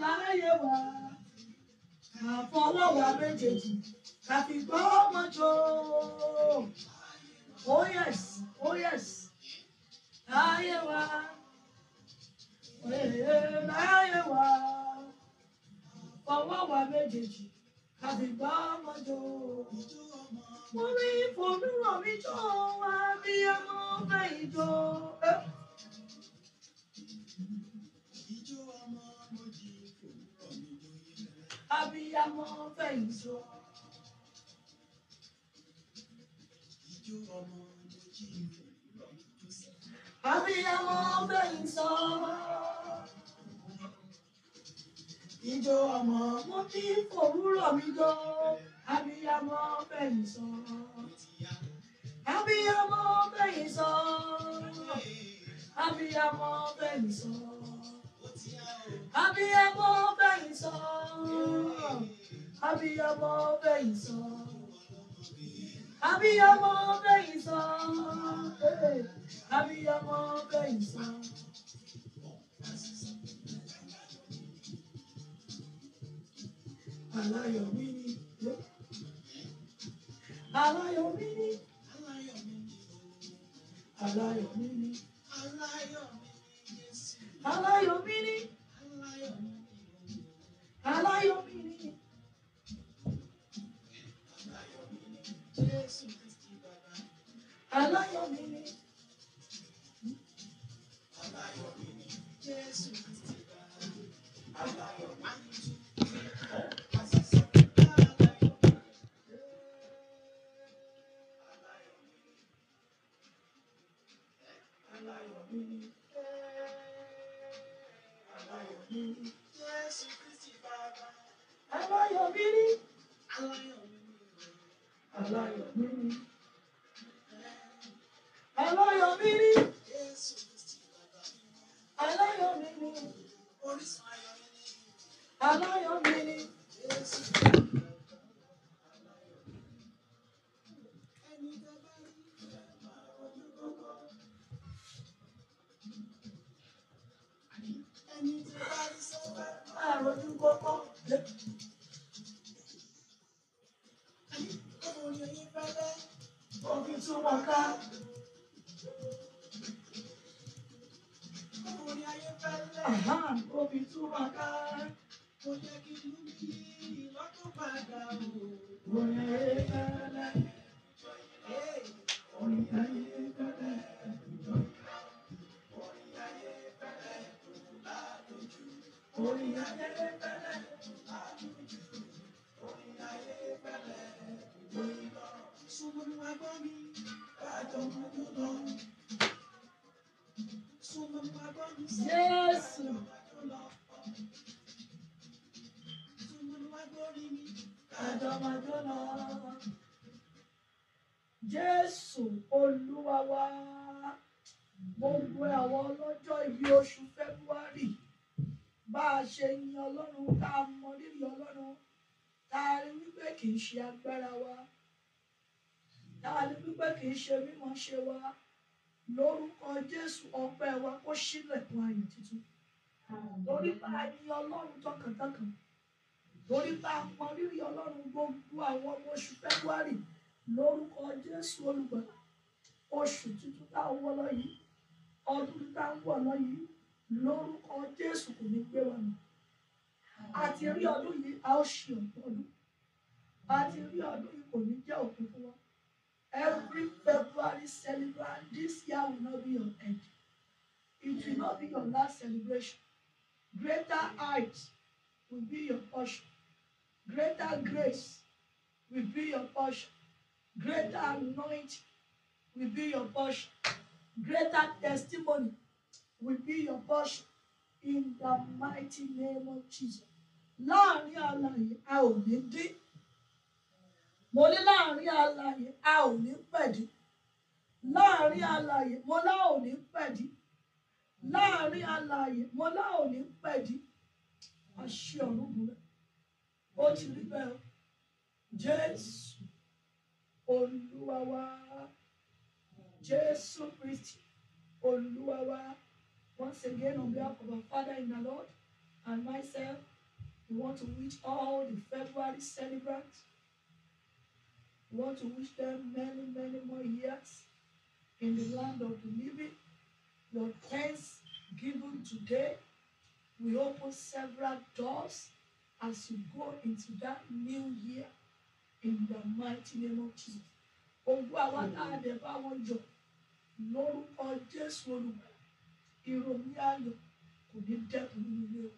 láyé wa àfọwọ́ wa méjèèjì àfìgbọ́ ọmọdé oh yes oh yes láyé wa rere láyé wa fọwọ́ wa méjèèjì ká fi gbọ́ ọmọ jọ. mo rí ìfòmí ràn mí jọ wá bí ọmọ bẹ́ẹ̀ jọ. Abiyamọ fẹ̀yìn sọ. Ijó ọmọ lójú ìlú abiyamọ bẹ́ẹ̀ ń sọ. ìjọ ọmọ mo kí òwúrọ̀ mi jọ abiyamọ bẹ́ẹ̀ ń sọ. abiyamọ bẹ́ẹ̀ ń sọ. abiyamọ abiyamọ bẹyìn sàn abiyamọ bẹyìn sàn. aláyọ̀ mi ni aláyọ̀ mi ni aláyọ̀ mi ni aláyọ̀ mi ni aláyọ̀ mi ni aláyọ̀ mi ni aláyọ̀ mi ni. I like your name. happy bá a ṣe yin ọlọ́run tá a mọ rírì ọlọ́run tá a rí wípé kì í ṣe agbára wa tá a rí wípé kì í ṣe mímọ̀ ṣe wa lórúkọ jésù ọpẹ́ wa kó ṣílẹ̀kùn ayọ̀ tuntun torí bá a yin ọlọ́run tọkàntọkàn torí bá a mọ rírì ọlọ́run gbogbo àwọn ọmọ oṣù february lórúkọ jésù olùgbàlà oṣù tuntun tá a wọ lọ yìí ọdún tá a wọ lọ yìí lórúkọ Jésù kò ní gbé wa nù àti rí ọdún yìí a ó ṣe ọ̀pọ̀ ọdún àti rí ọdún yìí kò ní jẹ́ òpin fún wa every February celebrate this year will not be your end it will not be your last celebration greater height will be your portion greater grace will be your portion greater anointing will be your portion greater testimony will be your portion in the mighty name of Jesus. Láàárín alààyè a ò ní dín. Mo ní láàárín alààyè a ò ní pẹ̀dí. Láàárín alààyè mo lá ò ní pẹ̀dí. Láàárín alààyè mo lá ò ní pẹ̀dí. Àṣẹ ọ̀run bùrẹ̀. Ó ti rí bẹ́ẹ̀ o. Jésù Olúwa wa. Jésù Kristi Olúwa wa. Once again, on behalf of our Father in the Lord and myself, we want to wish all the February celebrants, we want to wish them many, many more years in the land of the living. Your thanks given today will open several doors as you go into that new year in the mighty name of Jesus. ìròyìn ayọ̀ kò ní dẹ́kun nínú ilé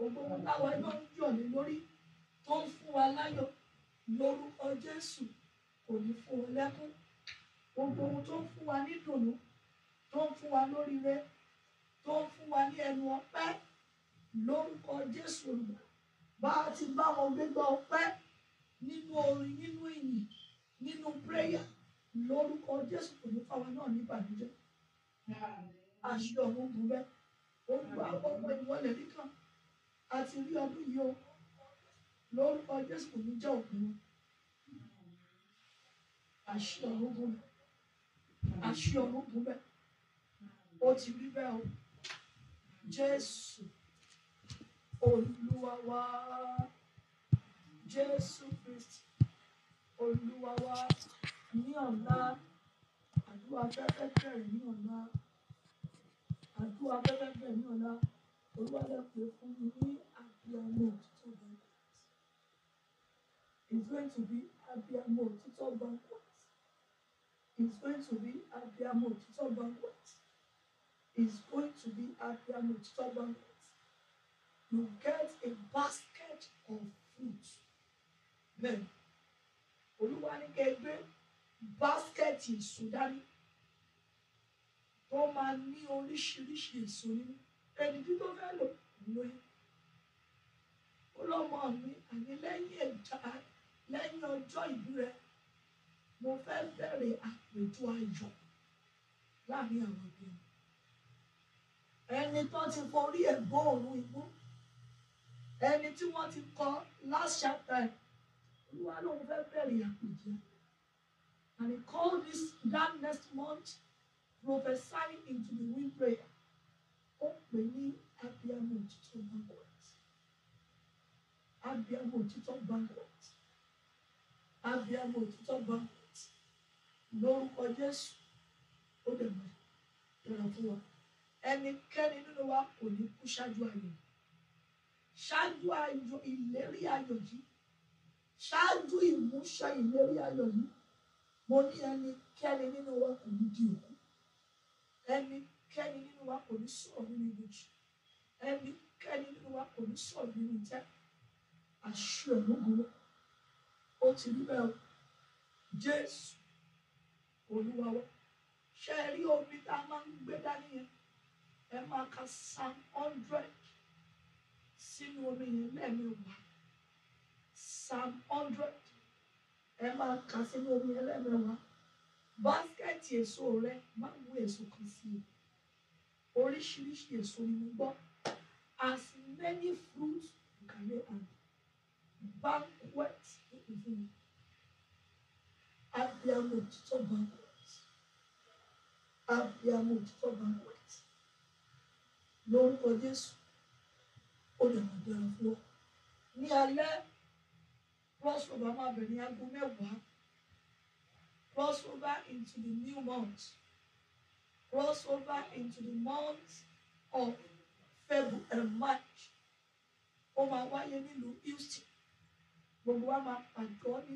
o gbogbo táwa náà ń yọ̀ ní lórí tó ń fún wa láyọ̀ lórúkọ Jésù kò ní fún ọ lẹ́kún gbogbo ohun tó ń fún wa ní dùnú tó ń fún wa lóríire tó ń fún wa ní ẹnu ọpẹ́ lórúkọ Jésù olùgbà bá a ti bá wọn gbégbá ọpẹ́ nínú orin nínú ìyìn nínú pírẹyà lórúkọ Jésù kò ní fáwọn náà ní ìbànújẹ́. Yeah àṣì ọ̀run bù rẹ ó gbà ọ̀pọ̀ ìwọlẹ̀ nìkan àti rí ọdún yìí o lórúkọ Jésù kò ní jẹ́ òpin àṣì ọ̀run bù rẹ àṣì ọ̀run bù rẹ ó ti rí bẹ́ẹ̀ o Jésù Olúwa wa Jésù Kristi Olúwa wa ní ọ̀la àdúrà fẹ́fẹ́ bẹ̀rẹ̀ ní ọ̀la àgbo abẹ́rẹ́ bẹ̀ ní ọ̀la olúwadàpẹ̀ fún mi ní àbíamọ it's going to be àbíamọ òtítọ́ banquet it's going to be àbíamọ òtítọ́ banquet it's going to be àbíamọ òtítọ́ banquet you get a basket of fruit then olúwa ní basket in ìsúdání wọ́n máa ní oríṣiríṣi èso nínú ẹni bí tó fẹ́ lò lò ẹ́ ó lọ́mọ mi àní lẹ́yìn ẹ̀dá lẹ́yìn ọjọ́ ìbí rẹ mo fẹ́ bẹ̀rẹ̀ àpèjọ ayọ̀ láàrin àwọn ẹbí mi ẹni tó ti forí ẹ̀ gbóòórùn igbó ẹni tí wọ́n ti kọ́ last chapter olúwa lòun fẹ́ bẹ̀rẹ̀ àpèjọ and he called this that next month prophesying into the wind prayer ó pè ní abiamu òtítọ́ banquet abiamu òtítọ́ banquet abiamu òtítọ́ banquet lórúkọ Jésù ó dẹ̀ mọ̀ ìràn fún wa ẹnikẹ́ni nínú wa kò ní kú ṣáájú ayọ̀ ṣáájú ayọ̀ ìlérí ayọ̀ yìí ṣáájú ìmúṣẹ ìlérí ayọ̀ yìí mo ní ẹnikẹ́ni nínú wa kò ní di òkú ẹni kẹ́ni nínú wa kò ní sọ̀rọ̀ nínú ibi jù ẹni kẹ́ni nínú wa kò ní sọ̀rọ̀ nínú jẹ́ àṣù ẹ̀lógúnlọ́ ó ti rí bẹ́ẹ̀ o Jésù Olúwa wa ṣe é rí omi tá a máa ń gbé dání yẹn ẹ máa ka psalm hundred sínú omi yẹn lẹ́ẹ̀mí wa psalm hundred ẹ máa ka sínú omi yẹn lẹ́ẹ̀mí wa báskẹ̀tì èso rẹ má mú èso kan sí i oríṣiríṣi èso ni mo gbọ́ as many fruits you can lay hand banquet abiyamọ òtítọ́ banquet abiyamọ òtítọ́ banquet lórúkọ Jésù ó lè má dára fún ọ ní alẹ́ lọ́sọ̀rọ̀ máa bẹ̀rẹ̀ ní aago mẹ́wàá cross over into the new month. Cross over into the month of February and March. Ó máa wáyé nílùú Houston. Gbogbo But máa my God?